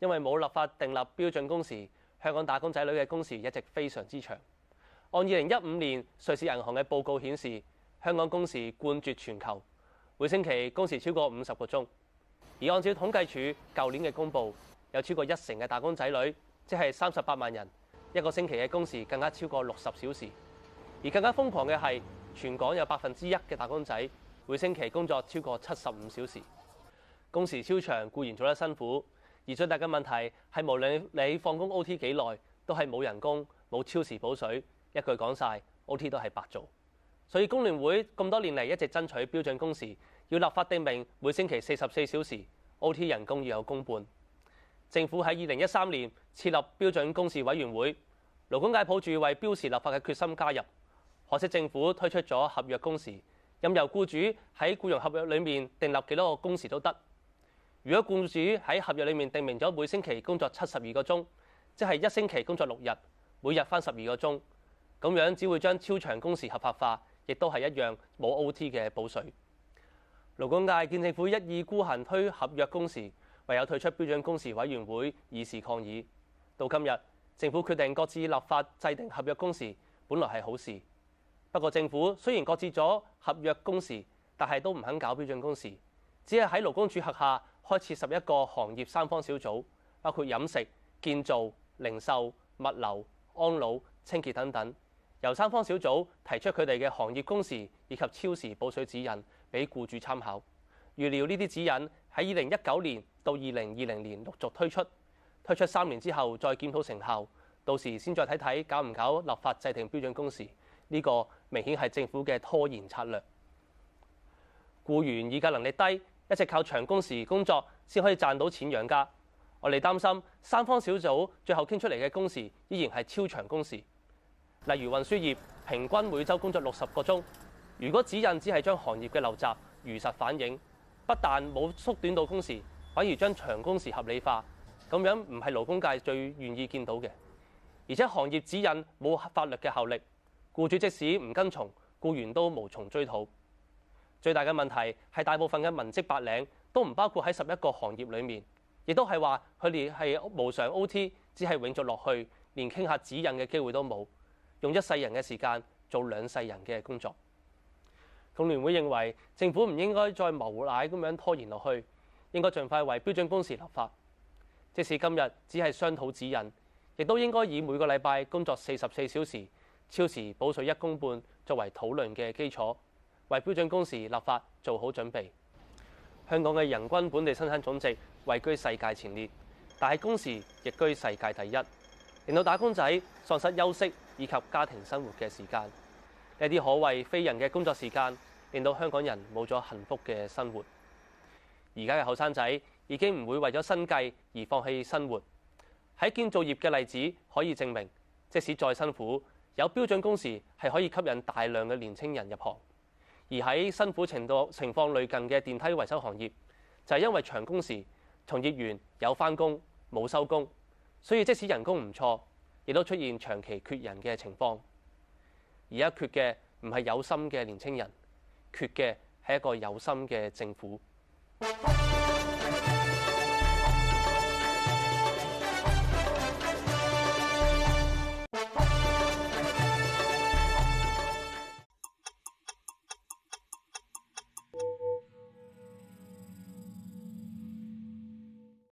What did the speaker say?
因為冇立法訂立標準工時，香港打工仔女嘅工時一直非常之長。按二零一五年瑞士銀行嘅報告顯示，香港工時冠絕全球，每星期工時超過五十個鐘。而按照統計處舊年嘅公佈，有超過一成嘅打工仔女，即係三十八萬人，一個星期嘅工時更加超過六十小時。而更加瘋狂嘅係，全港有百分之一嘅打工仔每星期工作超過七十五小時。工時超長固然做得辛苦。而最大嘅問題，係無論你放工 O.T. 幾耐，都係冇人工、冇超時補水，一句講晒 O.T. 都係白做。所以工聯會咁多年嚟一直爭取標準工時，要立法定明每星期四十四小時 O.T. 人工要有工半。政府喺二零一三年設立標準工時委員會，勞工界抱住為標時立法嘅決心加入，可惜政府推出咗合約工時，任由雇主喺雇傭合約裏面訂立幾多個工時都得。如果雇主喺合約裡面定明咗每星期工作七十二個鐘，即係一星期工作六日，每日翻十二個鐘，咁樣只會將超長工時合法化，亦都係一樣冇 O.T. 嘅補稅。勞工界見政府一意孤行推合約工時，唯有退出標準工時委員會以示抗議。到今日，政府決定各自立法制定合約工時，本來係好事。不過政府雖然擱置咗合約工時，但係都唔肯搞標準工時，只係喺勞工處轄下，開設十一個行業三方小組，包括飲食、建造、零售、物流、安老、清潔等等。由三方小組提出佢哋嘅行業工時以及超時補水指引俾僱主參考。預料呢啲指引喺二零一九年到二零二零年陸續推出，推出三年之後再檢討成效，到時先再睇睇，搞唔搞立法制定標準工時？呢個明顯係政府嘅拖延策略。僱員議價能力低。一直靠長工時工作先可以賺到錢養家，我哋擔心三方小組最後傾出嚟嘅工時依然係超長工時。例如運輸業平均每週工作六十個鐘，如果指引只係將行業嘅陋習如實反映，不但冇縮短到工時，反而將長工時合理化，咁樣唔係勞工界最願意見到嘅。而且行業指引冇法律嘅效力，僱主即使唔跟從，僱員都無從追討。最大嘅問題，係大部分嘅文職白領都唔包括喺十一個行業裏面，亦都係話，佢哋係無償 O T，只係永續落去，連傾下指引嘅機會都冇，用一世人嘅時間做兩世人嘅工作。工聯會認為，政府唔應該再無賴咁樣拖延落去，應該盡快為標準工時立法。即使今日只係商討指引，亦都應該以每個禮拜工作四十四小時、超時補水一公半作為討論嘅基礎，為標準工時立法做好準備。香港嘅人均本地生產總值位居世界前列，但係工時亦居世界第一，令到打工仔喪失休息以及家庭生活嘅時間。呢啲可謂非人嘅工作時間，令到香港人冇咗幸福嘅生活。而家嘅後生仔已經唔會為咗生計而放棄生活。喺建造業嘅例子可以證明，即使再辛苦，有標準工時係可以吸引大量嘅年青人入行。而喺辛苦程度情況類近嘅電梯維修行業，就係因為長工時，從業員有翻工冇收工，所以即使人工唔錯，亦都出現長期缺人嘅情況。而家缺嘅唔係有心嘅年青人，缺嘅係一個有心嘅政府。